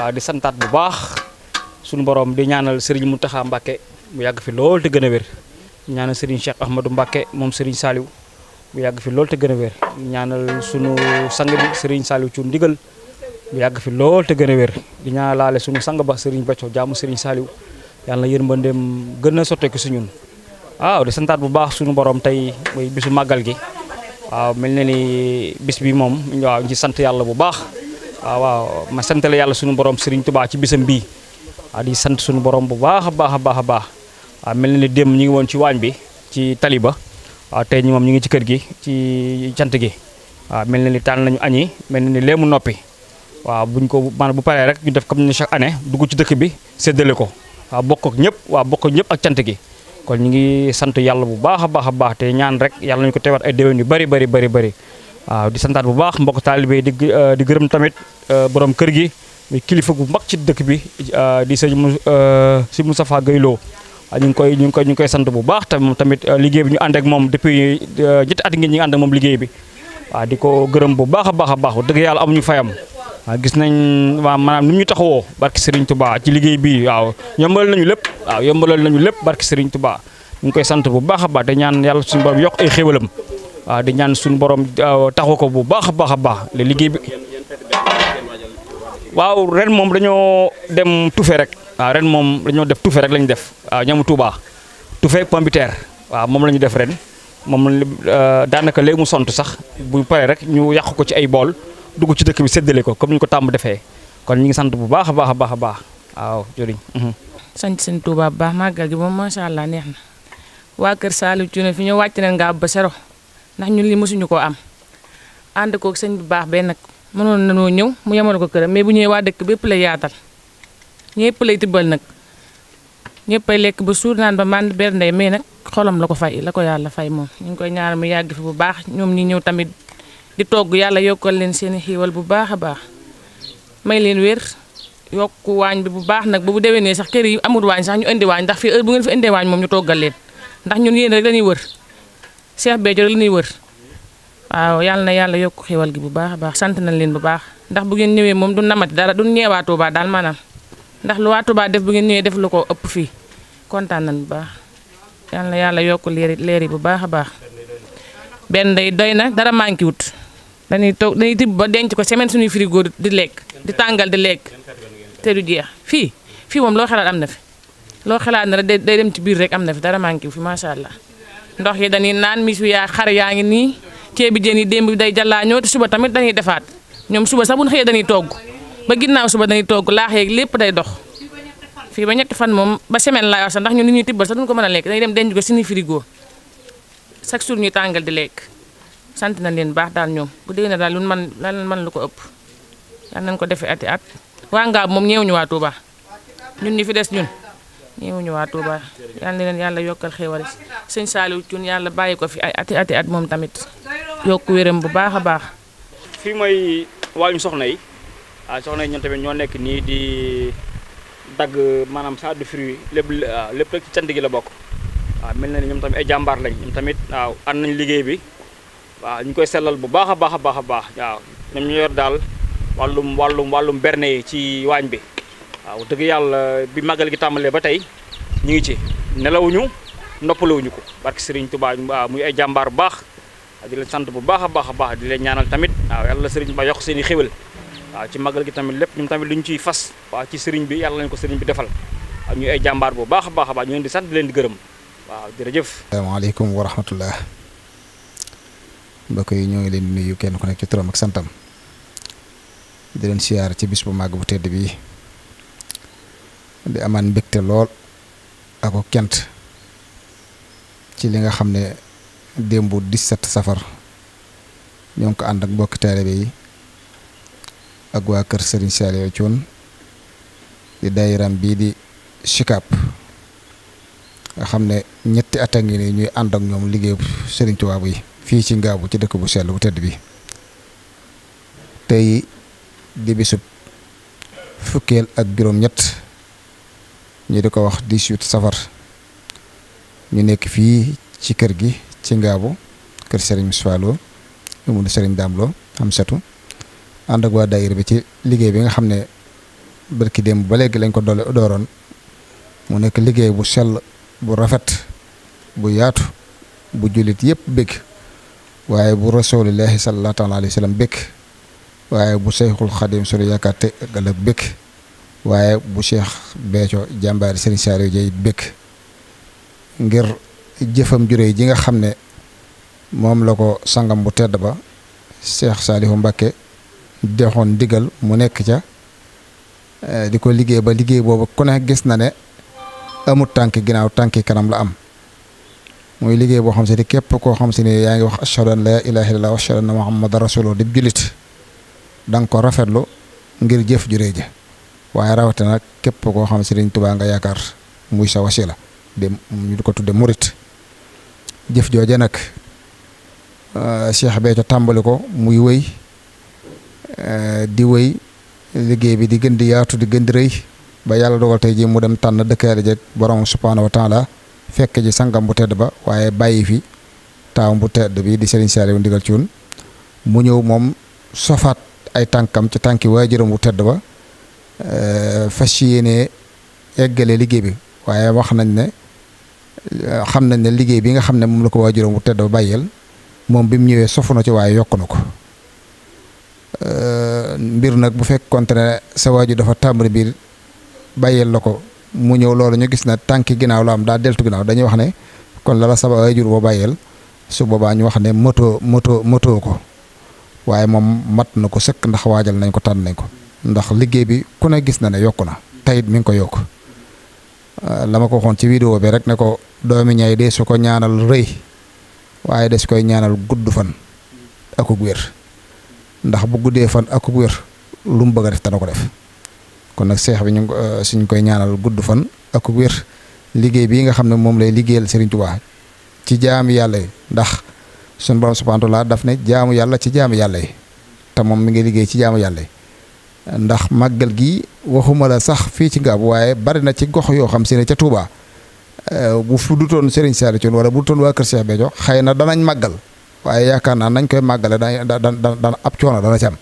waaw ah, di santaat bu baax suñu borom di ñaanal Serigne Mountakha Mbacké mu yàgg fi lool te gën a wér ñaanal Serigne Cheikh Ahmadou Mbacké moom Serigne Saliou mu yàgg fi lool te gën a wér ñaanal sunu sang bi Serigne Saliou ci ndigal mu yàgg fi lool te gën a wér di ñaanalaale sunu sang ba Serigne Bacco jaamu Serigne Saliou yàlla na yërmandeem gën a sotteeku si ñun. waaw di santaat bu baax sunu borom tey muy bisu màggal gi waaw mel na bu baax. waaw ma santale yalla sunu borom Serigne Touba ci bisam bi adi di suñu sunu borom bu baax baax baax a baax ah ni ngi won ci wañ bi ci taliba ah tey ñi mom ñi ngi ci kër gi ci cant gi waaw mel na ni tànn nañu añi ni waaw buñ ko man bu paré rek ñu def comme ni chaque année duggu ci dëkk bi sédélé ko wa bokk ak ñëpp wa bokk ñëpp ak cant gi kon ñi ngi sante yalla bu baax baax te ñaan rek yalla ñu ko téwat ay déwén yu bari bari bari bari waaw di santat bu baax mbok talibé di di gërëm tamit Euh, borom kër gi mi kilifa gu mag ci dëkk bi euh, di sëñ si euh, Moustapha gaylo ñu ngi koy ñu ngi koy ñu koy sant bu baax tam tamit liggéey bi ñu and ak mom depuis jitt at ngi ñi and ànd ak moom liggéey bi wa diko gërëm bu baaxa baaxa baax a baax dëgg yàlla amuñu fayam waaw gis nañ wa manam ñu taxawoo barki Serigne Touba ci liggéey bi waaw yombal nañu lepp waaw yombal nañu lepp barki Serigne Touba ñu ngi koy sant bu baaxa baax da ñaan yaalla suñu borom yok ay xéwalam wa di ñaan suñu borom taxoko bu baaxa baaxa baax le liggéey bi. waaw ren moom dañoo dem tufe rek waaw ren moom dañoo def tufe rek la ñu def waaw ñamu Touba tufe pompiteer waaw moom la ñu def ren moom euh, daanaka léegi mu sont sax bu paree rek ñu yàq ko ci ay bool dugg ci dëkk bi séddale ko comme ni ñu ko tàmm defee kon ñu ngi sant bu baax a baax a baax a baax waaw jëriñ. Mhm. sant seen Touba bu baax màggal gi moom macha allah neex na waa Kër Saalum Thioune fi ñu wàcc na nga ba sero ndax ñu li mësuñu ko am ànd koog sëñ bu baax bee mënoon nanoo ñëw mu yemal ko këram mais bu ñëwee waa dëkk bépp lay yaatal ñëpp lay tibbal nag ñëpp ay lekk ba suur naan ba man ber ndey mais nag xolam la ko fay la ko yàlla fay moom ñu ngi koy ñaar mu yàgg fi bu baax ñoom ñi ñëw tamit di togg yàlla yokkal leen seeni xiiwal bu baax a baax may leen wér yokk waañ bi bu baax nag bu nee sax kër yi amul waañ sax ñu indi waañ ndax fii heure bu ngeen fi indee waañ moom ñu toggal leen ndax ñun yéene rek lañuy wër Cheikh Béthio rek wër waaw yàlla na yàlla yokk xéwal gi bu baax a baax sant nañ leen bu baax ndax bu ngeen ñëwee moom du namati dara du ñee waa Touba daal maanaam ndax lu waa Touba def bu ngeen ñëwee def lu ko ëpp fii kontaan nañ bu baax yàlla na yàlla yokk leer leer yi bu baax a baax benn day doy na dara manqué wut dañuy toog dañuy tibb ba denc ko semaine suñuy frigo di lekk di tàngal di lekk te du jeex fii fii moom loo xalaat am na fi loo xalaat na day dem ci biir rek am na fi dara manqué wu fi macha allah ndox yi dañuy naan misu yaa xar yaa ngi nii ceebi jeni yi démb day jalla ñoo suba tamit dañuy defaat ñom suba sa buñ xey dañuy togg ba ginnaw suba dañuy togg la xey lepp day dox fii ba ñett fan mom ba semaine la wax sax ndax ñu li ñuy tibbal sa duñ ko mëna lek dañuy dem denj ko suñu frigo chaque jour ñuy tangal di lek sant na leen baax daal ñom bu deena daal luñ man lan man lu ko ëpp nañ ko defé ati at wanga mom moom ñeewuñu wa Touba ñun ñi fi dess ñun ñeewuñu wa Touba yalla leen yalla yokal xewal seigne salou Thioune yàlla bàyyi fi ay ati ati at mom tamit yok wéram bu baax baax. fi may wañu soxna yi ah soxna ñun tamit ñoo nekk ni di dag manam sa du fruit lepp ah, lepp ci cant gi la bok ah melna ni ñoom tamit ay jambar lañ ñoom tamit waaw an nañ liggéey bi waaw ñu koy sellal bu baax a baax baax waaw ñoom ñu yor dal walum walum walum berne ci wañ bi waaw dëgg yalla bi magal gi tàmbalee ba tay ñi ngi ci nelawuñu noppalawuñu ko barki Serigne Touba muy ay jambar bu baax di leen sant bu baax a baax a di leen ñaanal tamit waaw yalla serigne ba yok seen xewal waaw ci magal gi tamit lepp ñun tamit luñ fas waaw ci serigne bi yalla lañ ko serigne bi defal ñu ay jambar bu baax a baax ñu leen di sant di leen di gërëm waaw assalamu alaykum wa rahmatullah ba koy ñoy leen nuyu kenn ku nekk ci turam ak santam di leen siyaar ci bis bu bu tedd bi di amane mbégte lool ak kent ci li nga xamne démb set safar ñoo ngi ko ànd ak mbokki taalibe yi ak waa kër Serigne Saliou Thioune di daayiram bii di Sicap nga xam ne ñetti at a ngi nii ñuy ànd ak ñoom liggéey Serigne Touba bi fii ci Ngaabu ci dëkk bu sell bu tedd bi tey di bisub fukkeel ak juróom-ñett ñu di ko wax 18 safar ñu nekk fii ci kër gi. ci Ngaabu kër Serigne Swalo mu Serigne Damlo am setu ànd ak waa daayira bi ci liggéey bi nga xam ne barki démb ba léegi lañ ko doole dooroon mu nekk liggéey bu sel bu rafet bu yaatu bu jullit yëpp bëgg waaye bu rasulillahi sallallahu taala alayhi bëgg waaye bu Seyxul Xadim sunu yaakaar te ëllëg bëgg waaye bu Cheikh Béthio jàmbaari Serigne Saliou Dieye bëgg ngir jëfam juré ji nga xam ne moom la ko sangam bu tedd ba Cheikh Saliou Mbacké dexoon diggal mu nekk ca eh, di ko liggéey ba liggéey boobu ku ne gis na ne amut tànk ginnaaw tànki kanam la am muy liggéey boo xam se ni képp koo xam si ni yaa ngi wax ashhadu an la ilaha na wa xam ma muhammadan rasulullah di jullit da nga ko rafetlu ngir jëf juré ja waaye rawatina nag képp koo xam Sëriñ tubaa nga yaakaar muy sa wasila de ñu ko tudde murit jëf jooje nag euh, Cheikh Béthio tàmbali ko muy wëy euh, di wëy liggéey bi di gën di yaatu di gën di rëy ba yàlla dogal tey ji mu dem tànn dëkkaale jeeg borom subhaanahu wa taala fekk ji sangam bu tedd ba waaye bàyyi fi taawam bu tedd bi di Serigne Saliou ndigal cuun mu ñëw moom sofaat ay tànkam ci tànki waajuram bu tedd ba euh, fas yéene eggale liggéey bi waaye wax nañ ne Euh, xam nañ ne liggéey bi nga xam ne moom la ko waajuram wu tedd bàyyeel moom bi mu ñëwee sofu na ci waaye yokku na ko euh, mbir nag bu fekkoon ne sa waajur dafa tàmbali biir bàyyeel la ko mu ñëw loolu ñu gis na tànki ginnaaw la am daa deltu ginnaaw dañuy wax ne kon lala la sa waajur boo bàyyeel su boobaa ñu wax ne moto moto moto ko waaye moom mat na ko sëkk ndax waajal nañ ko tànn nañ ko ndax liggéey bi ku ne gis na ne yokku na tayit mi ngi ko yokk la ma ko waxoon ci vidéo bi rek ne ko doomi ñay de su ko ñaanal rëy waaye des koy ñaanal gudd fan akuk wér ndax bu guddee fan akuk wér lu mu bëgg a def dana ko def kon nag seex bi ñu euh, suñ koy ñaanal gudd fan ak akuk wér liggéey bii nga xam ne moom lay liggéeyal Serigne Touba ci jaamu yàlla yi ndax suñu borom subhanahu laa taala daf ne jaamu yàlla ci jaamu yàlla yi te moom mi ngi liggéey ci jaamu yàlla yi ndax màggal gi waxuma la sax fii ci Ngab waaye bari na ci gox yoo xam si ne ca Touba euh, bu fu dutoon Serigne Saliou Thioune wala bu dutoon waa Kër Cheikh Béthio xëy na danañ màggal waaye yaakaar naa nañ koy màggale da da da ab coono dana ci am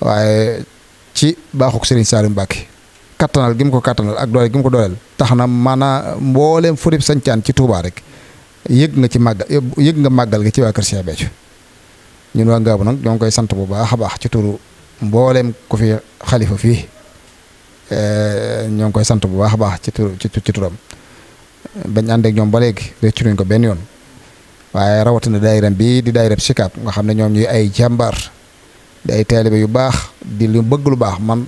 waaye ci baaxuk Serigne Saliou Mbacké kattanal gi mu ko kattanal ak dooleel gi mu ko dooleel tax na maanaam mbooleem furib sañcaan ci Touba rek yëg nga ci màggal yëg nga màggal gi ci waa Kër Cheikh Béthio ñun waa Ngaabu nag ñoo ngi sant bu baax a baax ci turu. mboolem ku fi xalifa fii eh, ñoo ngi koy sant bu baax a baax ci tur ci turam bañ ànd ak ñoom ba léegi rëccu nañ ko benn yoon waaye rawatina daayiram bii di daayirab sikaab nga xam ne ñoom ñuy ay jàmbaar di ay taalibe yu baax di lu bëgg lu baax man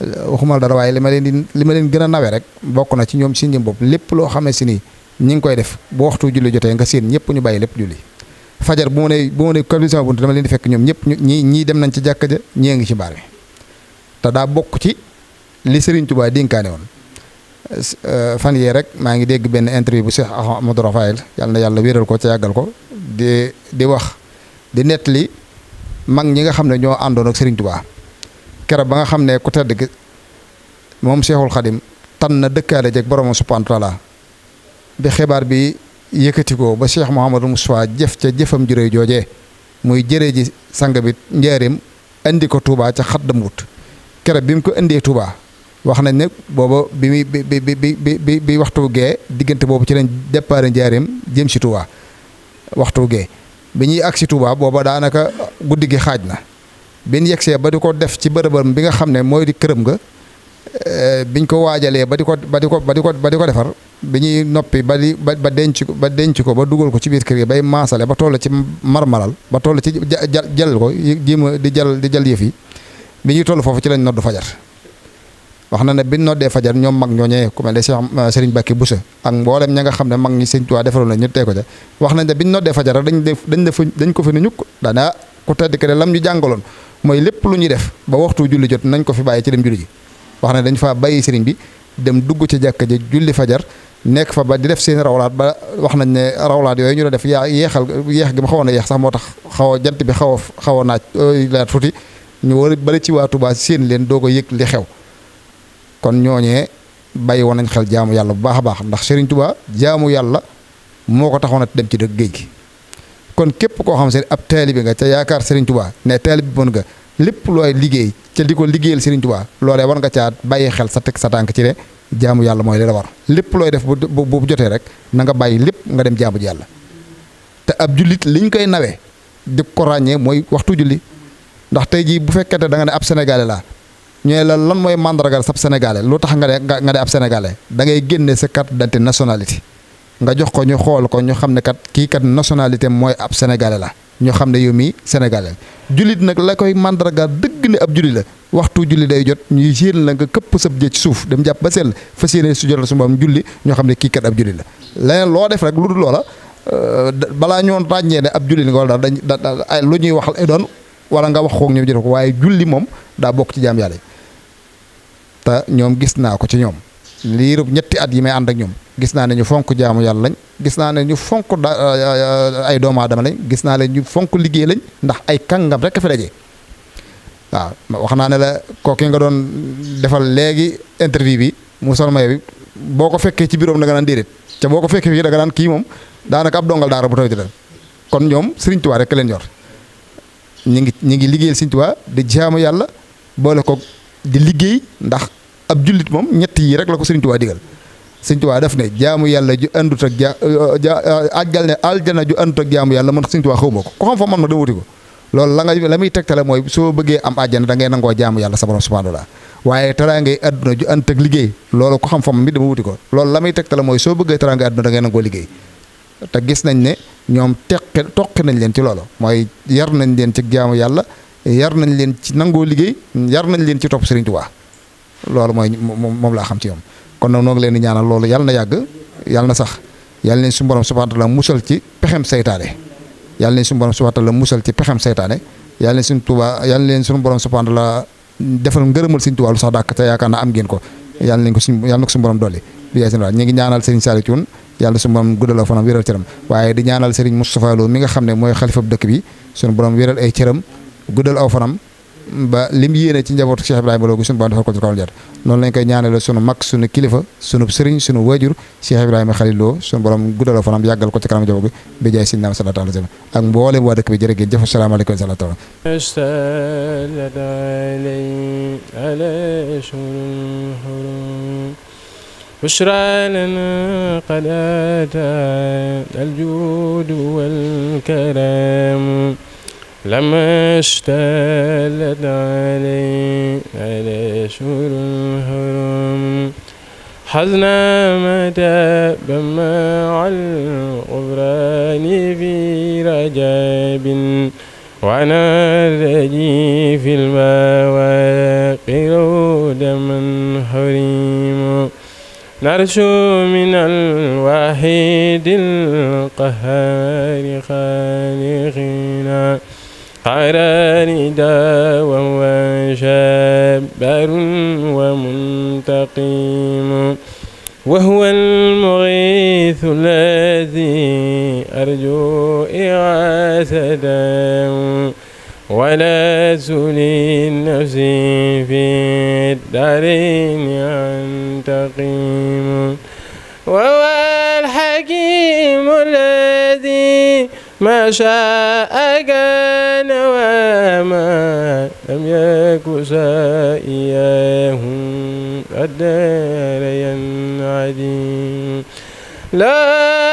eh, waxuma dara waaye li ma leen di li ma leen gën a nawe rek bokk na ci ñoom si njëm bopp lépp loo xam ne si nii ñi ngi koy def bu waxtu julli jotee nga seen ñëpp ñu bàyyi lépp julli fajar bu ma nee bu ma nee kàddu sama bunt dama leen di fekk ñoom ñëpp ñi ñii dem nañ ci jàkka ja ñii ngi ci mbaar mi te daa bokk ci li Serigne Touba dénkaane woon euh, fan yee rek maa ngi dégg benn interview bu Cheikh Ahmadou Rafael yàlla na yàlla wéral ko ca yàggal ko di wax di nettali mag ñi nga xam ne ñoo àndoon ak Serigne Touba ba nga xam ne ku tedd moom Cheikhul Khadim tan na dëkkaale jeeg boromam subhanahu wa taala bi bi. yëkkati ko ba Cheikh Mouhamadou Moussa jëf ca jëfam juré joojee muy jëre ji sang bi njaareem indi ko Touba ca xaddam wut kere bi mu ko indee Touba wax nañ ne booba bi muy bi bi bi bi waxtu gee diggante boobu ci lañ départ njaareem jëm si Touba waxtu gee bi ñuy agsi Touba booba daanaka guddi gi xaaj na bi ñu yegsee ba di ko def ci bërëbërëm bi nga xam ne mooy di këram nga Eh, biñ ko waajalee ba di ko ba di ko ba di ko ba di ko defar bi ñuy noppi ba di ba denc ko ba denc ko ba dugal ko ci biir kër gi bay maasale ba toll ci marmaral ba toll ci jal ko jéem di jal di jal yëf yi bi ñuy tollu foofu ci lañ noddu fajar wax na ne bi noddee fajar ñoom mag ñooñee ku mel ne Cheikh eh, Serigne Bakki Boussa ak mboolem ña nga xam ne mag ñi Serigne Touba defaroon na ñu wax nañ ne biñ noddee fajar rek dañ def dañ def dañ ko fi ne ñukk daanaa ku tedd ke lam ñu jàngaloon mooy lépp lu ñuy def ba waxtu julli jot nañ ko fi bàyyi ci dem julli ji wax ne dañ faa bàyyi sëriñ bi dem dugg ca jàkka ji julli fajar nekk fa ba di def seen rawlaat ba wax nañ ne rawlaat yooyu ñu doon def yaa yeexal yeex gi ma xawoon a yeex sax moo tax xaw a jant bi xaw a xaw a laat euh, tuuti ñu war bari ci waa Touba seen leen doo ko yëg li xew kon ñooñee bàyyi woon nañ xel jaamu yàlla bu baax a baax ndax Serigne Touba jaamu yàlla moo ko taxoon a dem ci dëkk géej gi kon képp koo xam seen ab taalibe nga ca yaakaar Serigne tubaa ne taalibe bon nga lepp loy liggey ci diko ko Serigne Touba lolé war nga at baye xel sa tek sa tànk ci de jaamu yalla moy li war lepp loy def bu bu rek na nga baye lepp nga dem jaamu yalla te ab julit liñ koy nawé di ko ràññee mooy waxtu julli ndax tay ji bu fekkente da nga ne ab sénégalais la ñu la lan moy mandragal sa sénégalais lu tax nga nga ab sénégalais da ngay génné sa carte d'identité nationalité nga jox ko ñu xol ko ñu xamné kat ki kat nationalité moy ab sénégalais la ñoo xam ne yow mii sénégalais jullit nag la koy mandarga dëgg ni ab jullit la waxtu julli day jot ñuy yéen la nga këpp sab jë ci suuf dem jàpp ba sell fas yéene su jotal su moom julli ñoo xam ne kii kat ab jullit la leneen loo def rek lu dul loola euh, balaa ñoon ràññee ne ab jullit nga wala daal dañ ay lu ñuy wax ay doon wala nga wax koog ñoom jëf ko waaye julli moom daa bokk ci jaam yàlla te ñoom gis naa ko ci ñoom liirub ñetti at yi may ànd ak ñoom gis naa ne ñu fonk jaamu yàlla lañ gis naa ne ñu fonk ay doomu aadama lañ gis naa leen ñu fonk liggéey lañ ndax ay kàngam rek a fi daje waaw wax naa ne la kooku nga doon defal léegi interview bi mu sol mayo boo ko fekkee ci biroom da nga naan déedéet te boo ko fekkee fii da nga naan kii moom daanaka ab dongal daara bu tawti la kon ñoom Sëriñ Tuubaa rek leen yor ñu ngi ñu ngi liggéeyal Sëriñ Tuubaa di yàlla boole ko di liggéey ndax ab jullit moom ñett yi rek la ko Sëriñ Tuubaa digal Sëriñ Tuubaa daf ne jaamu yàlla ju àndut ja àjjal euh, euh, ne aljana ju àndut ak jaamu yàlla man Sëriñ Tuubaa xaw ma ko ko xam fa man ma dama wuti ko loolu la nga la muy mooy soo bëggee am àjjana ngay nangoo jaamu yàlla sa borom subhaanahu wa taala waaye teraangay àdduna ju ànd liggéey loolu ko xam fa man mi dama wuti ko loolu la muy tegtale mooy soo bëggee teraangay àdduna da nangoo liggéey te gis nañ ne ñoom teqi toqi nañ leen ci loolu mooy yar nañ leen ci jaamu yàlla yar nañ leen ci nangoo liggéey yar nañ leen ci topp Sëriñ Tuubaa loolu mooy moom laa xam ci ñoom kon nag noo ngi leen di ñaanal loolu yàlla na yàgg yàlla na sax yàlla nañ suñu borom subhanahu wa taala musal ci pexem saytaane yàlla nañ suñu borom subhanahu wa la musal ci pexem saytaane yàlla nañ suñu tuba yàlla leen suñu borom subhanahu wa taala defal ngërëmal suñu tuba lu sax dàkk te yaakaar na am ngeen ko yàlla nañ ko suñu yàlla na ko suñu borom dolli bi yaay seen waa ñu ngi ñaanal Serigne Saliou Thioune yàlla suñu borom guddaloo fanam wéral cëram waaye di ñaanal Serigne Moustapha Lo mi nga xam ne mooy xalifab dëkk bi suñu borom wéral ay cëram guddal aw fanam ba lim yéene ci njabootu Cheikh Ibrahima Lo gi sunu defal ko ci kaw jot noonu lañ koy ñaanale sunu mag sunu kilifa sunu sëriñ sunu waajur Cheikh Ibrahima Khalil Lo sunu borom guddaloo fanam yàggal ko ci kanam njaboot gi bi jaay sin naam sallallahu alayhi wa sallam ak mboolem waa dëkk bi jërë ngeen jëf asalaamaaleykum wa rahmatulah. بشرى لنا قد أتى الجود والكرم لما اشتلت علي على شهور الهرم حزنا متى بما على القبران في رجاب وانا الذي في المواقر دما حريم نرشو من الوحيد القهار خالقنا قراني دا وهو جبار ومنتقم وهو المغيث الذي أرجو إعاسدا ولا تلي نفسي في الدارين أنتقم وهو ما شاء كان وما لم يك سائياه الدار ينعدم لا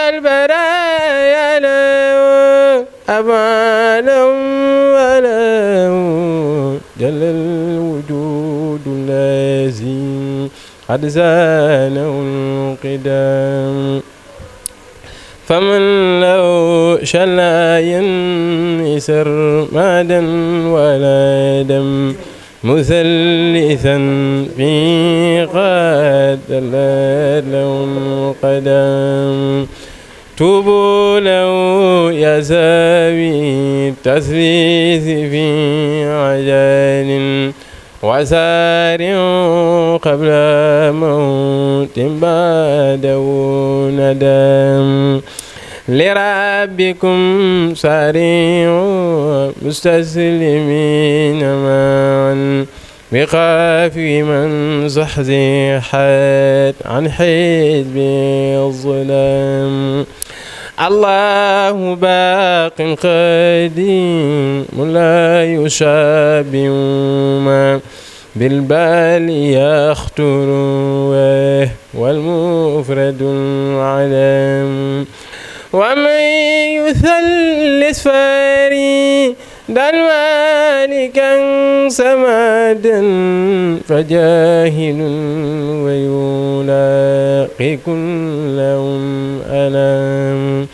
البرايا لا أبعالا ولا جل الوجود الذي قد زانه القدم فمن لو شل يسر مادا ولا دم مثلثا في قاتل لهم قدم توبوا لو يا سابي التثليث في عجال وسار قبل موت بعد ندم لربكم سارعوا مستسلمين معا بخافي من زحزحت عن حزب الظلام الله باق قديم لا يشابه ما بالبال يخطر والمفرد العلم ومن يثلث فريق بل مالكا سمادا فجاهل ويلاقي كلهم أنام